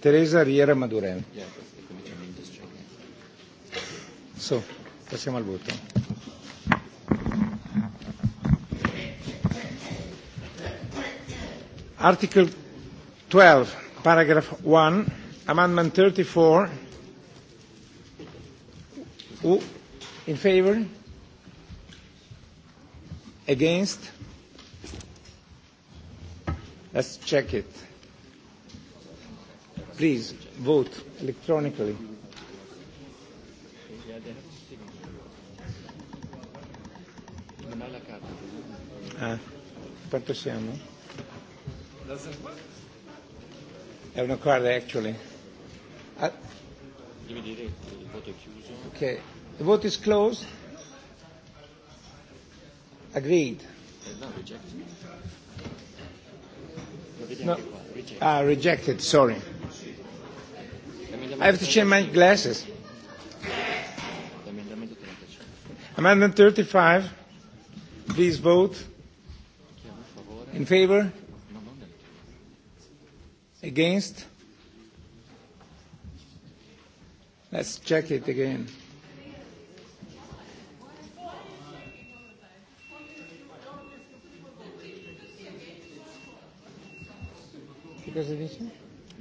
Teresa Riera Madurel. So, passiamo al voto. Article 12, paragraph 1, amendment 34. Who in favor? Against? Let's check it. Please vote electronically. Ah, quanto siamo? È una quarta, actually. Ah. Devi dire il voto è chiuso. Ok, the vote is closed. Agreed. No, rejected. No. Ah, rejected, sorry. I have to change my glasses. Amendment 35. Please vote. In favor? Against? Let's check it again. ¿Qué cosa dice?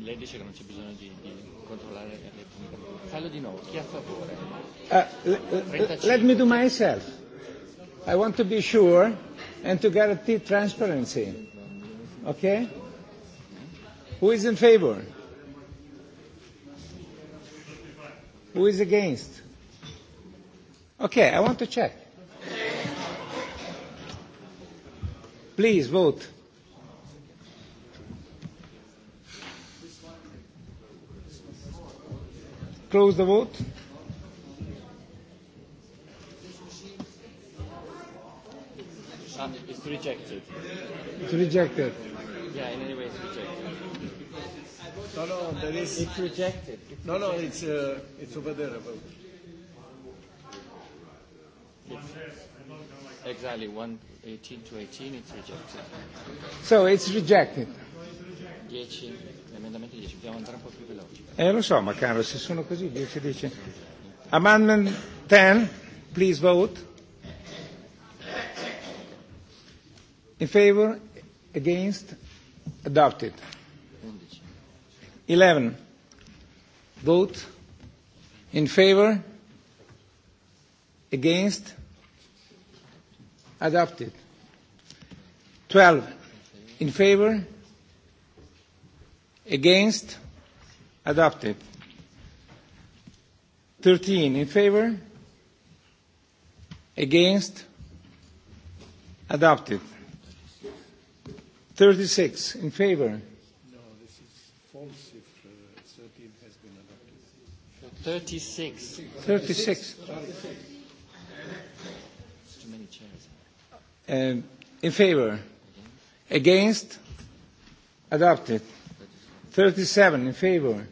lei dice che non c'è bisogno di, di controllare le comunicazioni. Fallo di nuovo. Chi è a favore? Uh, let, let me do myself. I want to be sure and to guarantee transparency. Okay? Who is in favor? Who is against? Okay, I want to check. Please vote. Close the vote. Uh, it's rejected. It's rejected. Yeah, in any way it's rejected. No, no, there is. It's rejected. It's no, no, rejected. it's uh, it's over there about. It's exactly 118 to 18. It's rejected. So it's rejected. 10, l'emendamento 10, dobbiamo andare un po' più veloci. Eh lo so, ma caro, se sono così 10 10. Amendment 10, please vote. In favor, against, adopted. 11. Vote in favor, against, adopted. 12. In favor, Against? Adopted. 13 in favor? Against? Adopted. 36 in favor? No, this is false if uh, 13 has been adopted. 36. 36. 36. Too many chairs. Uh, in favor? Against? Adopted. 37 in favor.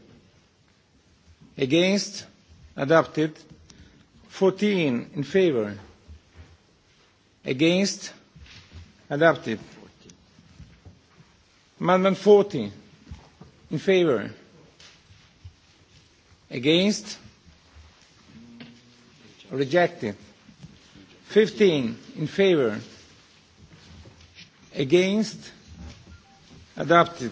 Against? Adopted. 14 in favor. Against? Adopted. Amendment 40 in favor. Against? Rejected. 15 in favor. Against? Adopted.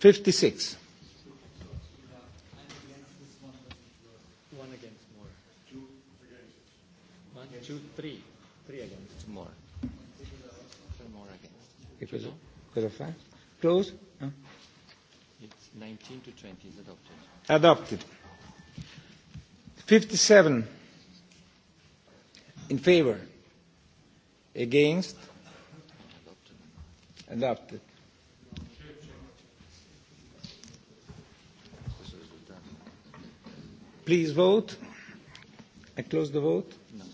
56. One against more. Two against. One, two, three. Three against more. Three more against. Che cosa? Cosa fa? Close? Huh? It's 19 to 20 is adopted. Adopted. 57 in favor. Against? Adopted. Adopted. Please vote. I close the vote. No.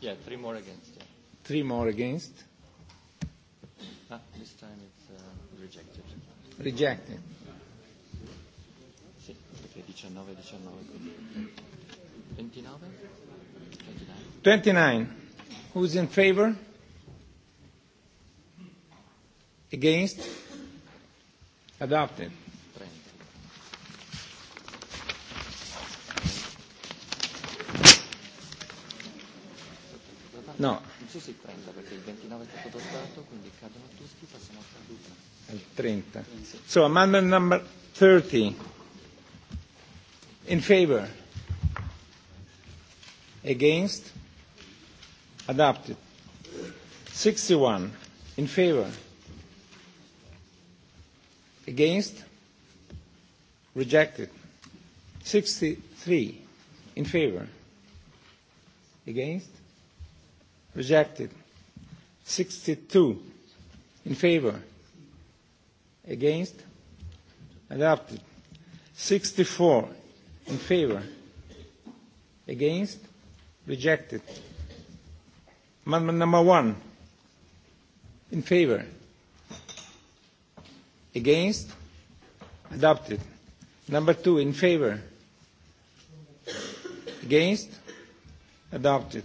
Yeah, three more against. Yeah. Three more against. Ah, this time it's uh, rejected. Rejected. Sì, perché 19, 19. 29? 29. 29. Who's in favor? Against? Adopted. adesso si prenda perché il 29 è stato adottato, quindi cadono tutti, passiamo al 30. Al 30. So amendment number 30. In favor. Against. Adopted. 61. In favor. Against. Rejected. 63. In favor. Against Rejected. 62 in favor. Against. Adopted. 64 in favor. Against. Rejected. Amendment number one. In favor. Against. Adopted. Number two. In favor. Against. Adopted.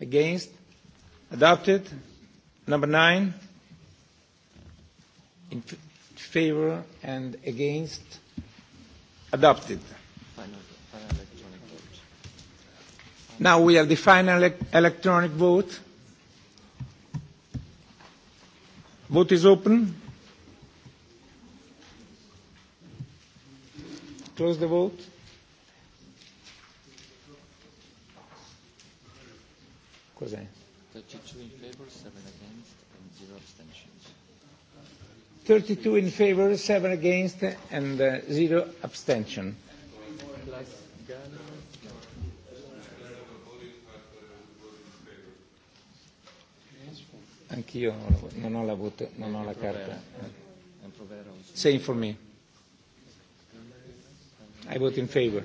Against? Adopted. Number nine. In favor and against? Adopted. Final, final electronic vote. Now we have the final ele electronic vote. Vote is open. Close the vote. Cos'è? 32 in favor, 7 against and 0 abstentions. 32 in favor, 7 against and uh, 0 abstention. Plus Ghana. Anch'io non ho la, voto, non ho la carta. Say for me. I vote in favor.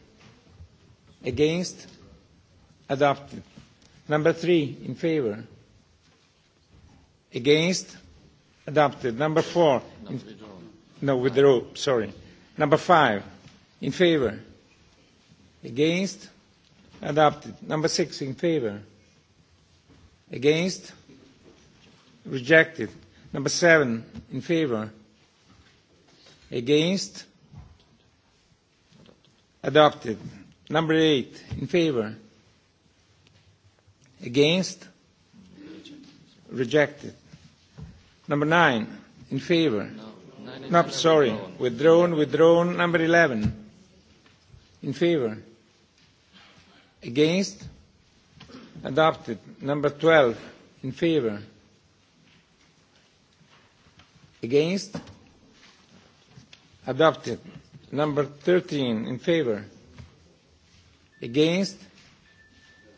Against? Adopted. Number three, in favor. Against? Adopted. Number four. In, no, withdraw, sorry. Number five, in favor. Against? Adopted. Number six, in favor. Against? Rejected. Number seven, in favor. Against? Adopted. Adopted. Number eight, in favor. Against? Rejected. Number nine, in favor. No, nine no sorry. Withdrawn. withdrawn, withdrawn. Number 11, in favor. Against? Adopted. Number 12, in favor. Against? Adopted. Number 13, in favor. Against?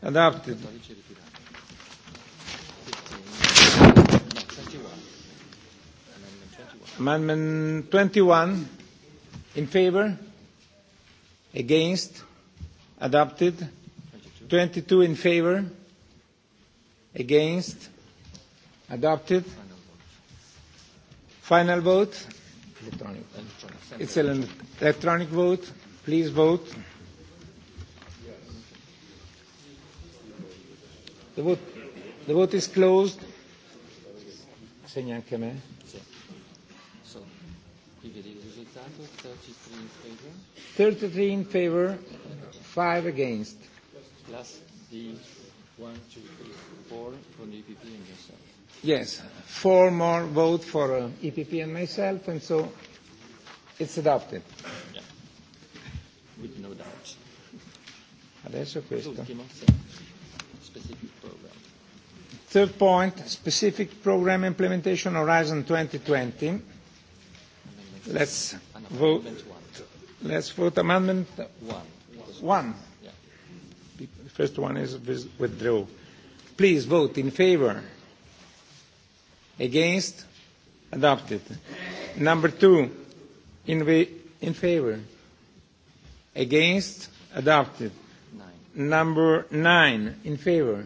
Adopted. 21. Amendment 21. In favor? Against? Adopted. 22, 22 in favor? Against? Adopted. Final vote? Electronic. It's an electronic vote. Please vote. The vote, the vote is closed. Se neanche me. So, qui vedi il risultato, 33 in favor. 33 in favor, 5 against. Plus the 1, 2, 3, 4 from the EPP and yourself. Yes, four more vote for uh, EPP and myself, and so it's adopted. Yeah, with no doubt. Adesso questo. L'ultimo, sì. Third point, specific program implementation Horizon 2020. Let's vote. Let's vote amendment one. One. Yeah. The first one is withdraw. Please vote in favor. Against? Adopted. Number two, in, in favor. Against? Adopted. Nine. Number nine, in favor.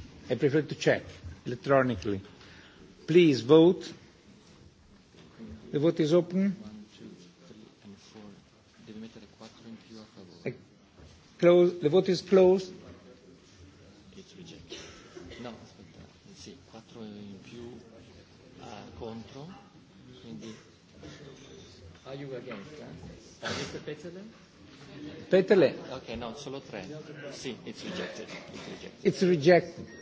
I prefer to check electronically. Please vote. The vote is open. One, two, three, and four. Deve mettere quattro in più a favore. Close. The vote is closed. It's rejected. No, aspetta. Sì, quattro in più uh, contro. Quindi. Are you against? Eh? Are you Peterle? Peterle. Okay, no, solo tre. Sì, it's rejected. It's rejected. It's rejected.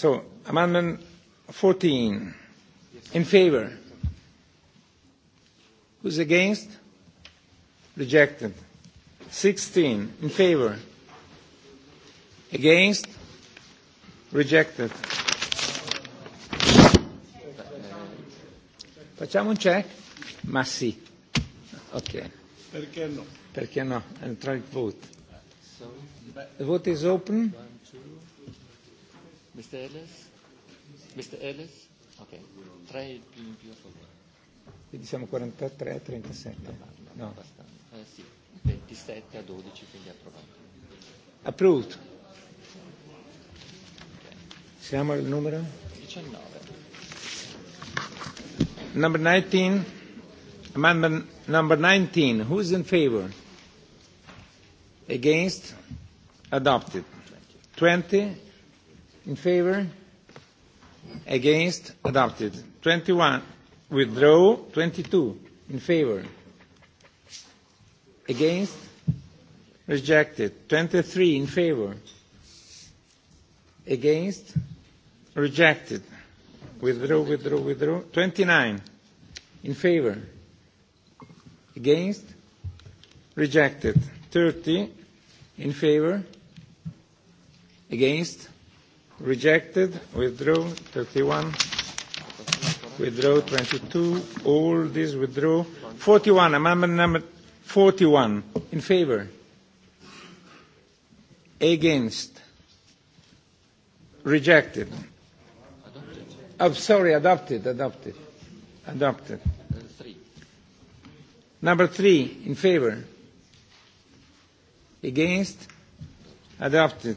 So, amendment 14. In favor? Who's against? Rejected. 16. In favor? Against? Rejected. Facciamo un check? Ma sì. Ok. Perché no? Perché no? Electronic vote. The vote is open. One, two, Mr. Ellis? Mr. Ellis? Ok, 3 più in più a favore. Quindi siamo 43 a 37? No. no. Eh, sì, 27 a 12, quindi approvato. Approved. Okay. Siamo al numero? 19. Number 19. Amendment number 19. Who's in favor? Against? Adopted. 20. 20 in favor against adopted 21 withdraw 22 in favor against rejected 23 in favor against rejected withdraw withdraw withdraw 29 in favor against rejected 30 in favor against rejected, withdraw 31, withdraw 22, all these withdraw. 41, amendment number 41, in favor, against, rejected. I'm oh, sorry, adopted, adopted, adopted. Number three, in favor, against, adopted.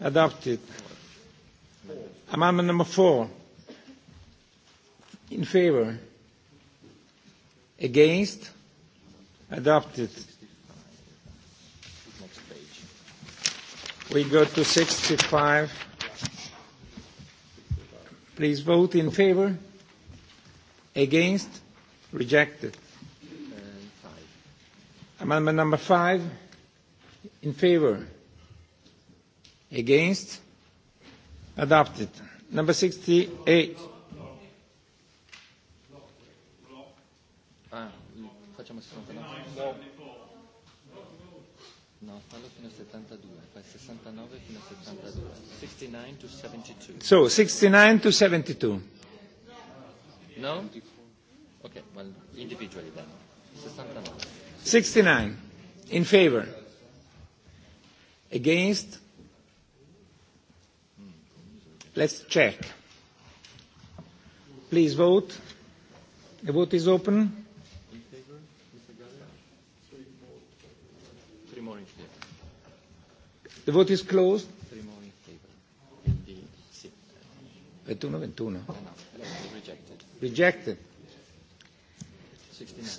Adopted. Amendment number four. In favor. Against. Adopted. We go to 65. Please vote in favor. Against. Rejected. Amendment number five. In favor Against? Adopted. Number 68. Ah, facciamo 69. No, fallo fino a 72. Fai 69 fino a 72. 69 to 72. So, 69 to 72. No? Okay, well, individually then. 69. 69. In favor. Against? Let's check. Please vote. The vote is open. In favor, Mr. Galler? Three more in favor. The vote is closed. Three more in favor. 21, 21. No, no, rejected. Rejected. 69.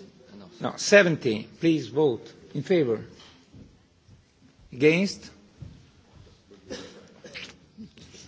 No. No, 70. Please vote in favor. Against?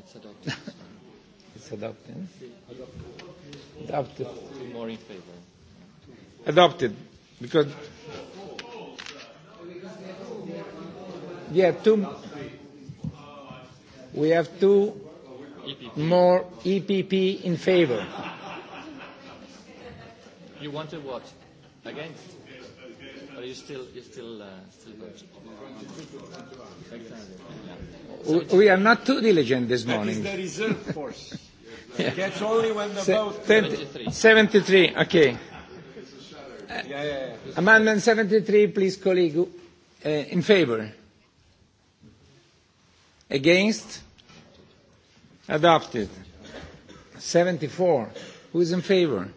it's adopted. it's adopted. Adopted. Two more in favor. Adopted. Because. Yeah, two. We have two EPP. more EPP in favor. You wanted what? Against? Are you still, you still, uh, still voting? We are not too diligent this morning. That is the reserve force. yeah. Catch only when the Se- vote. 73. 73, okay. Yeah, yeah, yeah. Amendment 73, please, colleague. Uh, in favor? Against? Adopted. 74. Who is in favor?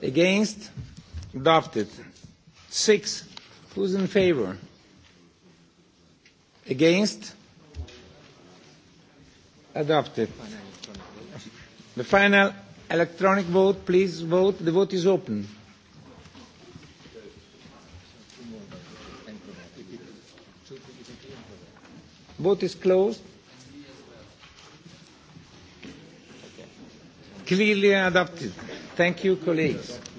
Against? Adopted. Six. Who's in favor? Against? Adopted. The final electronic vote, please vote. The vote is open. Vote is closed. Clearly adopted. Thank you, colleagues.